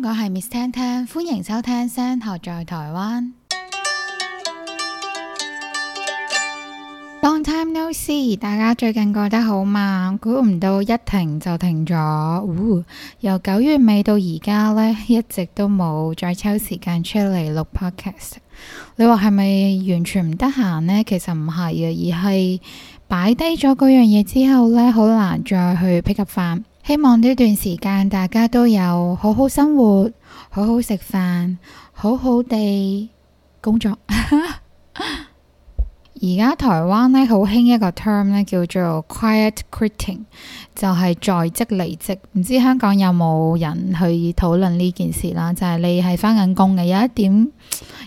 我係 Miss Ten Ten，歡迎收聽聲《聲學在台灣》。Long time no see，大家最近過得好嗎？估唔到一停就停咗，由九月尾到而家呢，一直都冇再抽時間出嚟錄 podcast。你話係咪完全唔得閒呢？其實唔係啊，而係擺低咗嗰樣嘢之後呢，好難再去 pick up 返。希望呢段時間大家都有好好生活，好好食飯，好好地工作。而 家台灣咧好興一個 term 咧，叫做 quiet quitting，就係在職離職。唔知香港有冇人去討論呢件事啦？就係、是、你係翻緊工嘅，有一點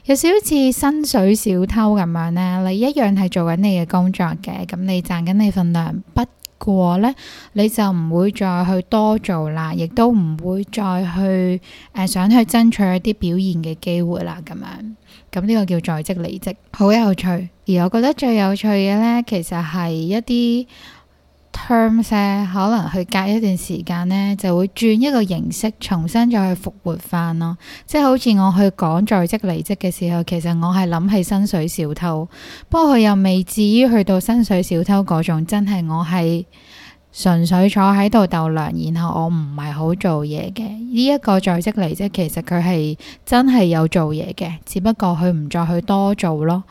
有少少似薪水小偷咁樣呢。你一樣係做緊你嘅工作嘅，咁你賺緊你份糧不？過咧，你就唔會再去多做啦，亦都唔會再去誒、呃、想去爭取一啲表現嘅機會啦，咁樣，咁呢個叫在職離職，好有趣。而我覺得最有趣嘅咧，其實係一啲。啊、可能佢隔一段時間呢，就會轉一個形式，重新再去復活翻咯。即係好似我去講在職離職嘅時候，其實我係諗起薪水小偷，不過佢又未至於去到薪水小偷嗰種，真係我係純粹坐喺度逗糧，然後我唔係好做嘢嘅。呢、這、一個在職離職其實佢係真係有做嘢嘅，只不過佢唔再去多做咯。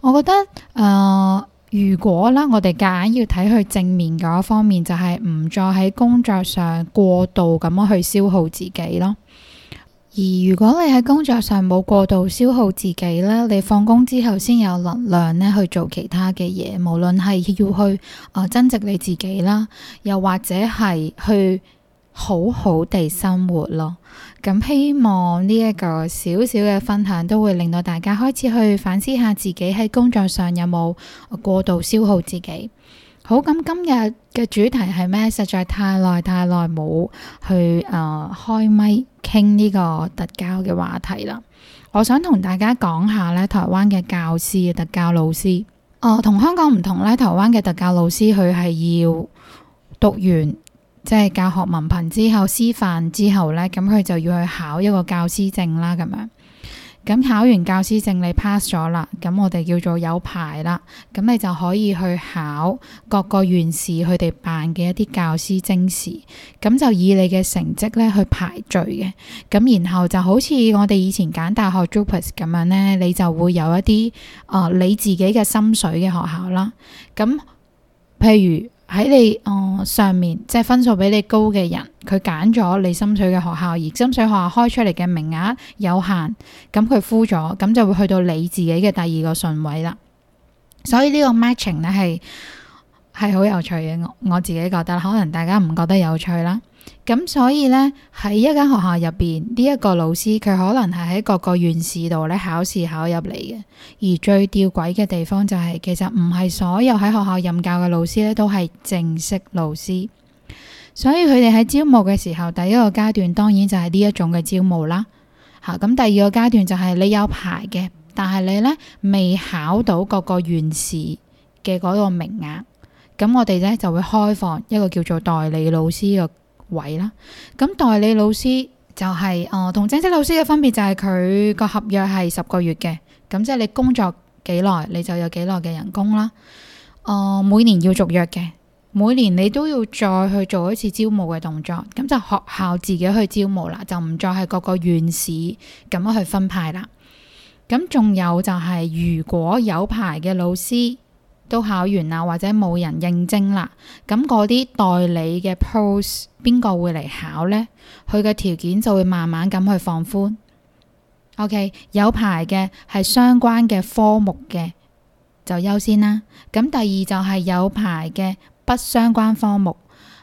我覺得，誒、呃。如果啦，我哋夾硬要睇佢正面嘅一方面，就係唔再喺工作上過度咁樣去消耗自己咯。而如果你喺工作上冇過度消耗自己咧，你放工之後先有能量咧去做其他嘅嘢，無論係要去啊增值你自己啦，又或者係去好好地生活咯。咁希望呢一個少少嘅分享都會令到大家開始去反思下自己喺工作上有冇過度消耗自己。好，咁今日嘅主題係咩？實在太耐太耐冇去誒、呃、開咪傾呢個特教嘅話題啦。我想同大家講下呢台灣嘅教師、特教老師，誒、呃、同香港唔同，呢台灣嘅特教老師佢係要讀完。即係教學文憑之後，師範之後呢，咁佢就要去考一個教師證啦，咁樣。咁考完教師證，你 pass 咗啦，咁我哋叫做有牌啦，咁你就可以去考各個縣市佢哋辦嘅一啲教師甄試，咁就以你嘅成績呢去排序嘅。咁然後就好似我哋以前揀大學 JUPAS 咁樣呢，你就會有一啲誒、呃、你自己嘅心水嘅學校啦。咁譬如。喺你哦、呃、上面，即係分數比你高嘅人，佢揀咗你心水嘅學校，而心水學校開出嚟嘅名額有限，咁佢敷咗，咁就會去到你自己嘅第二個順位啦。所以呢個 matching 咧係係好有趣嘅，我我自己覺得，可能大家唔覺得有趣啦。咁所以呢，喺一間學校入邊，呢一個老師佢可能係喺各個縣市度咧考試考入嚟嘅。而最吊詭嘅地方就係，其實唔係所有喺學校任教嘅老師咧都係正式老師。所以佢哋喺招募嘅時候，第一個階段當然就係呢一種嘅招募啦。吓，咁第二個階段就係你有牌嘅，但係你呢未考到各個縣市嘅嗰個名額，咁我哋呢就會開放一個叫做代理老師嘅。位啦，咁代理老師就係誒同正式老師嘅分別就係佢個合約係十個月嘅，咁即係你工作幾耐你就有幾耐嘅人工啦。誒、呃、每年要續約嘅，每年你都要再去做一次招募嘅動作，咁就學校自己去招募啦，就唔再係各個縣市咁樣去分派啦。咁仲有就係、是、如果有牌嘅老師。都考完啦，或者冇人應徵啦，咁嗰啲代理嘅 post，邊個會嚟考呢？佢嘅條件就會慢慢咁去放寬。OK，有牌嘅係相關嘅科目嘅就優先啦。咁第二就係有牌嘅不相關科目，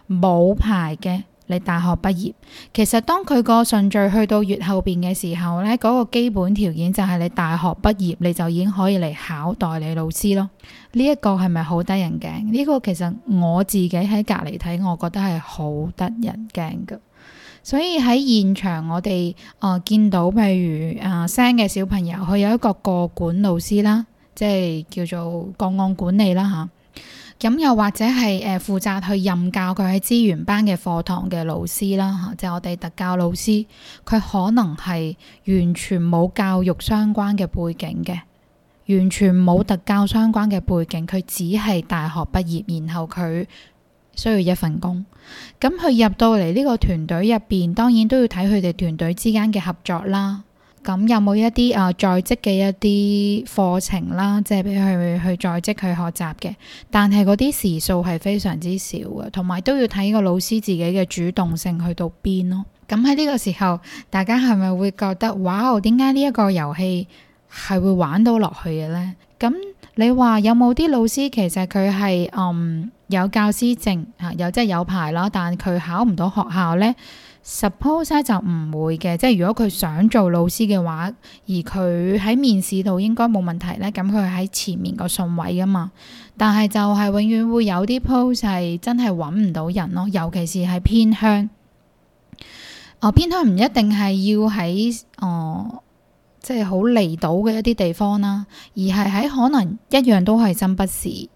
冇牌嘅。你大學畢業，其實當佢個順序去到越後邊嘅時候呢嗰、那個基本條件就係你大學畢業，你就已經可以嚟考代理老師咯。呢、這、一個係咪好得人驚？呢、這個其實我自己喺隔籬睇，我覺得係好得人驚㗎。所以喺現場我哋誒、呃、見到，譬如誒、呃、生嘅小朋友，佢有一個個管老師啦，即係叫做個案管理啦嚇。咁又或者係誒，負責去任教佢喺資源班嘅課堂嘅老師啦吓，即我哋特教老師，佢可能係完全冇教育相關嘅背景嘅，完全冇特教相關嘅背景，佢只係大學畢業，然後佢需要一份工，咁佢入到嚟呢個團隊入邊，當然都要睇佢哋團隊之間嘅合作啦。咁、嗯、有冇一啲啊在職嘅一啲課程啦，即係俾佢去在職去學習嘅，但係嗰啲時數係非常之少嘅，同埋都要睇個老師自己嘅主動性去到邊咯。咁喺呢個時候，大家係咪會覺得哇，點解呢一個遊戲係會玩到落去嘅呢？嗯，咁你話有冇啲老師其實佢係嗯有教師證啊，有、嗯、即係有牌啦，但佢考唔到學校呢？Suppose 咧就唔會嘅，即係如果佢想做老師嘅話，而佢喺面試度應該冇問題咧，咁佢喺前面個順位啊嘛。但係就係永遠會有啲 pose 係真係揾唔到人咯，尤其是係偏鄉哦、呃，偏鄉唔一定係要喺哦，即係好離島嘅一啲地方啦、啊，而係喺可能一樣都係真不時。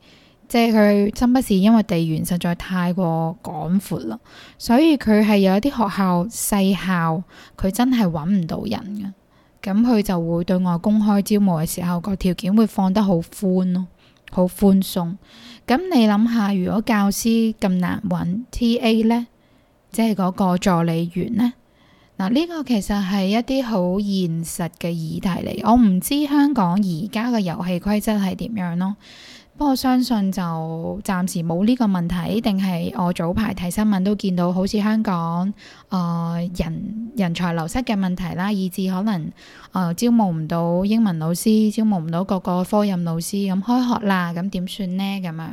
即係佢真不是因為地緣實在太過廣闊啦，所以佢係有一啲學校細校，佢真係揾唔到人嘅，咁佢就會對外公開招募嘅時候個條件會放得好寬咯，好寬鬆。咁你諗下，如果教師咁難揾，TA 呢，即係嗰個助理員呢？嗱，呢個其實係一啲好現實嘅議題嚟。我唔知香港而家嘅遊戲規則係點樣咯。不過我相信就暫時冇呢個問題，定係我早排睇新聞都見到，好似香港誒、呃、人人才流失嘅問題啦，以致可能誒、呃、招募唔到英文老師，招募唔到各個科任老師，咁、嗯、開學啦，咁點算呢？咁樣。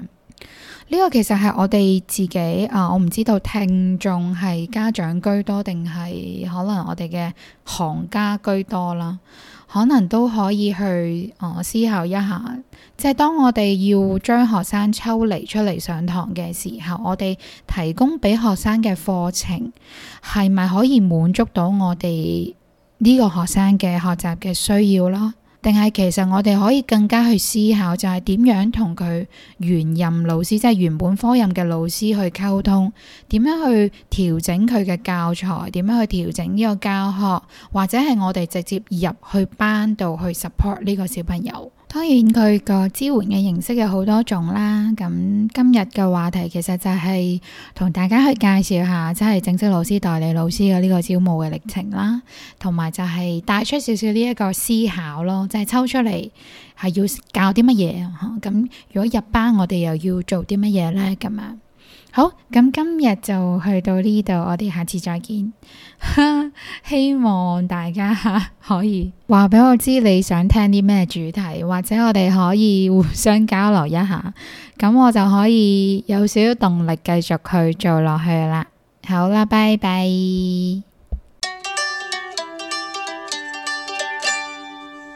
呢個其實係我哋自己啊，我唔知道聽眾係家長居多定係可能我哋嘅行家居多啦，可能都可以去啊、呃、思考一下，即係當我哋要將學生抽離出嚟上堂嘅時候，我哋提供俾學生嘅課程係咪可以滿足到我哋呢個學生嘅學習嘅需要啦？定係其實我哋可以更加去思考，就係點樣同佢原任老師，即係原本科任嘅老師去溝通，點樣去調整佢嘅教材，點樣去調整呢個教學，或者係我哋直接入去班度去 support 呢個小朋友。當然佢個支援嘅形式有好多種啦，咁今日嘅話題其實就係同大家去介紹下，即係正式老師、代理老師嘅呢個招募嘅歷程啦，同埋就係帶出少少呢一個思考咯，即係抽出嚟係要教啲乜嘢啊？咁如果入班我哋又要做啲乜嘢呢？咁樣。好，咁今日就去到呢度，我哋下次再見。 希望大家可以話俾我知你想聽啲咩主題，或者我哋可以互相交流一下，咁我就可以有少少動力繼續去做落去啦。好啦，拜拜。